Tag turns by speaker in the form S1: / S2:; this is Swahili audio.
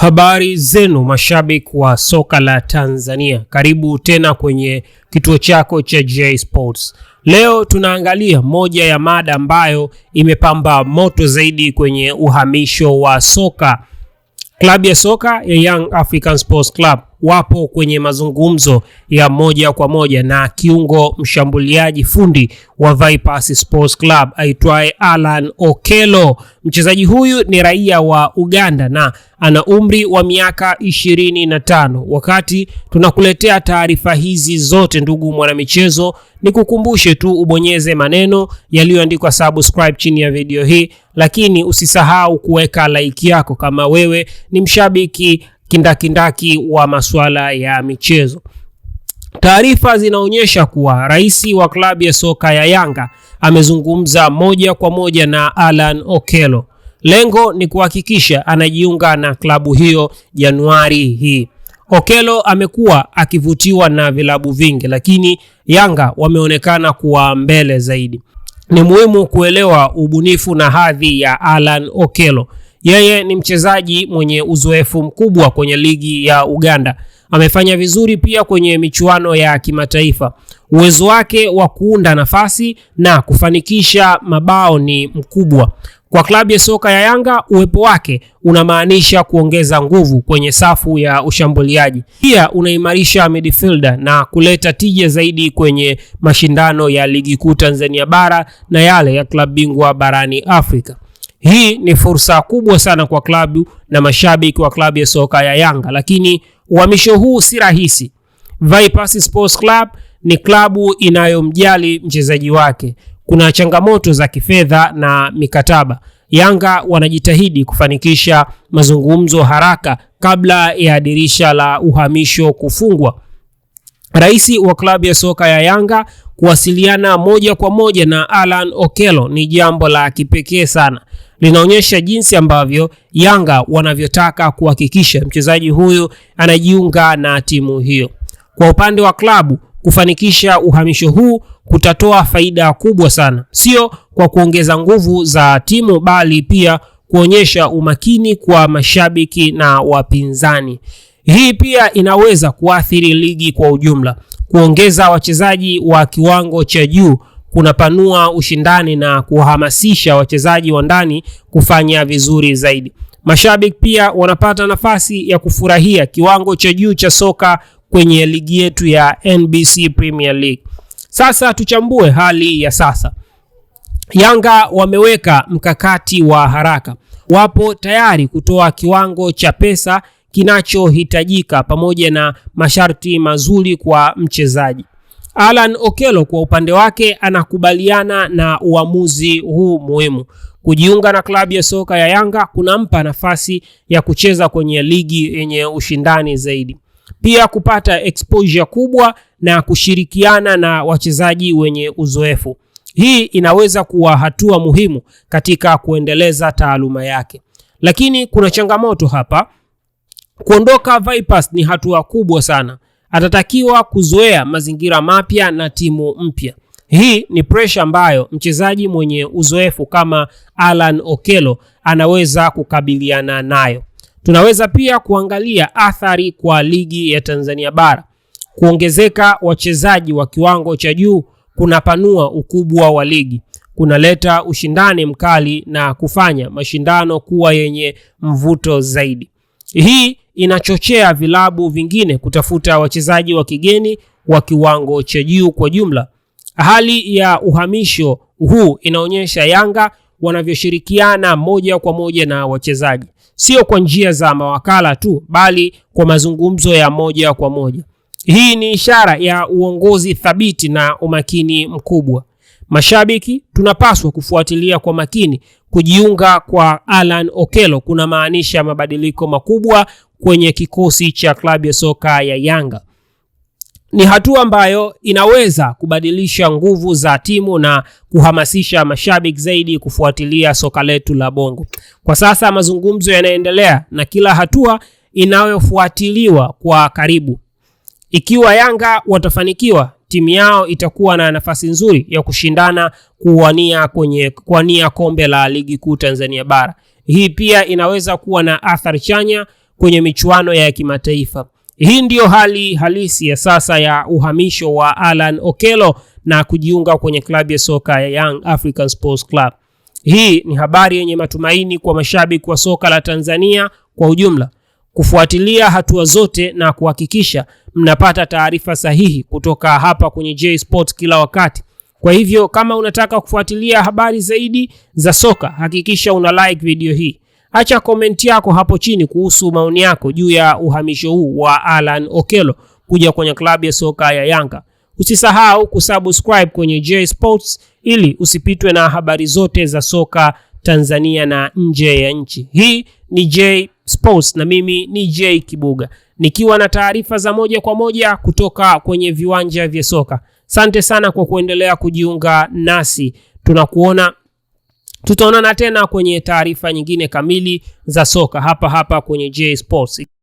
S1: Habari zenu mashabiki wa soka la Tanzania, karibu tena kwenye kituo chako cha J Sports. Leo tunaangalia moja ya mada ambayo imepamba moto zaidi kwenye uhamisho wa soka, klabu ya soka ya Young African Sports Club wapo kwenye mazungumzo ya moja kwa moja na kiungo mshambuliaji fundi wa Vipers Sports Club aitwaye Alan Okelo. Mchezaji huyu ni raia wa Uganda na ana umri wa miaka ishirini na tano. Wakati tunakuletea taarifa hizi zote, ndugu mwanamichezo, ni kukumbushe tu ubonyeze maneno yaliyoandikwa subscribe chini ya video hii, lakini usisahau kuweka like yako kama wewe ni mshabiki kindakindaki wa masuala ya michezo. Taarifa zinaonyesha kuwa rais wa klabu ya soka ya Yanga amezungumza moja kwa moja na Alan Okello. Lengo ni kuhakikisha anajiunga na klabu hiyo Januari hii. Okello amekuwa akivutiwa na vilabu vingi, lakini Yanga wameonekana kuwa mbele zaidi. Ni muhimu kuelewa ubunifu na hadhi ya Alan Okello. Yeye ni mchezaji mwenye uzoefu mkubwa kwenye ligi ya Uganda. Amefanya vizuri pia kwenye michuano ya kimataifa. Uwezo wake wa kuunda nafasi na kufanikisha mabao ni mkubwa. Kwa klabu ya soka ya Yanga, uwepo wake unamaanisha kuongeza nguvu kwenye safu ya ushambuliaji. Pia unaimarisha midfielder na kuleta tija zaidi kwenye mashindano ya ligi kuu Tanzania bara na yale ya klabu bingwa barani Afrika. Hii ni fursa kubwa sana kwa klabu na mashabiki wa klabu ya soka ya Yanga, lakini uhamisho huu si rahisi. Vipers Sports Club ni klabu inayomjali mchezaji wake. Kuna changamoto za kifedha na mikataba. Yanga wanajitahidi kufanikisha mazungumzo haraka kabla ya dirisha la uhamisho kufungwa. Rais wa klabu ya soka ya Yanga kuwasiliana moja kwa moja na Alan Okello ni jambo la kipekee sana linaonyesha jinsi ambavyo Yanga wanavyotaka kuhakikisha mchezaji huyu anajiunga na timu hiyo. Kwa upande wa klabu, kufanikisha uhamisho huu kutatoa faida kubwa sana, sio kwa kuongeza nguvu za timu, bali pia kuonyesha umakini kwa mashabiki na wapinzani. Hii pia inaweza kuathiri ligi kwa ujumla. Kuongeza wachezaji wa kiwango cha juu kunapanua ushindani na kuhamasisha wachezaji wa ndani kufanya vizuri zaidi. Mashabiki pia wanapata nafasi ya kufurahia kiwango cha juu cha soka kwenye ligi yetu ya NBC Premier League. Sasa tuchambue hali ya sasa. Yanga wameweka mkakati wa haraka. Wapo tayari kutoa kiwango cha pesa kinachohitajika pamoja na masharti mazuri kwa mchezaji. Alan Okello kwa upande wake anakubaliana na uamuzi huu muhimu. Kujiunga na klabu ya soka ya Yanga kunampa nafasi ya kucheza kwenye ligi yenye ushindani zaidi, pia kupata exposure kubwa na kushirikiana na wachezaji wenye uzoefu. Hii inaweza kuwa hatua muhimu katika kuendeleza taaluma yake, lakini kuna changamoto hapa. Kuondoka Vipers ni hatua kubwa sana atatakiwa kuzoea mazingira mapya na timu mpya. Hii ni presha ambayo mchezaji mwenye uzoefu kama Alan okelo anaweza kukabiliana nayo. Tunaweza pia kuangalia athari kwa ligi ya Tanzania bara. Kuongezeka wachezaji wa kiwango cha juu kunapanua ukubwa wa ligi, kunaleta ushindani mkali na kufanya mashindano kuwa yenye mvuto zaidi. Hii inachochea vilabu vingine kutafuta wachezaji wa kigeni wa kiwango cha juu kwa jumla. Hali ya uhamisho huu inaonyesha Yanga wanavyoshirikiana moja kwa moja na wachezaji, sio kwa njia za mawakala tu, bali kwa mazungumzo ya moja kwa moja. Hii ni ishara ya uongozi thabiti na umakini mkubwa. Mashabiki tunapaswa kufuatilia kwa makini. Kujiunga kwa Alan Okello kuna maanisha mabadiliko makubwa kwenye kikosi cha klabu ya soka ya Yanga. Ni hatua ambayo inaweza kubadilisha nguvu za timu na kuhamasisha mashabiki zaidi kufuatilia soka letu la Bongo. Kwa sasa mazungumzo yanaendelea na kila hatua inayofuatiliwa kwa karibu. Ikiwa Yanga watafanikiwa, timu yao itakuwa na nafasi nzuri ya kushindana kuwania kwenye kuwania kombe la ligi kuu Tanzania bara. Hii pia inaweza kuwa na athari chanya kwenye michuano ya kimataifa. Hii ndiyo hali halisi ya sasa ya uhamisho wa Alan Okello na kujiunga kwenye klabu ya soka ya Young African Sports Club. Hii ni habari yenye matumaini kwa mashabiki wa soka la Tanzania kwa ujumla, kufuatilia hatua zote na kuhakikisha mnapata taarifa sahihi kutoka hapa kwenye J Sports kila wakati. Kwa hivyo kama unataka kufuatilia habari zaidi za soka, hakikisha una like video hii. Acha komenti yako hapo chini kuhusu maoni yako juu ya uhamisho huu wa Alan Okello kuja kwenye klabu ya soka ya Yanga. Usisahau kusubscribe kwenye J Sports ili usipitwe na habari zote za soka Tanzania na nje ya nchi. Hii ni J Sports na mimi ni J Kibuga nikiwa na taarifa za moja kwa moja kutoka kwenye viwanja vya soka. Sante sana kwa kuendelea kujiunga nasi, tunakuona Tutaonana tena kwenye taarifa nyingine kamili za soka hapa hapa kwenye J Sports.